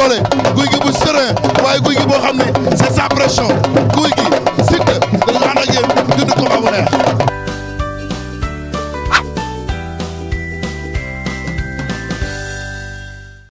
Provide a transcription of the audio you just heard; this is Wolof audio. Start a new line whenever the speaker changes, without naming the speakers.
doole guy gi bu serein waaye guy gi boo xam ne c'est sa pression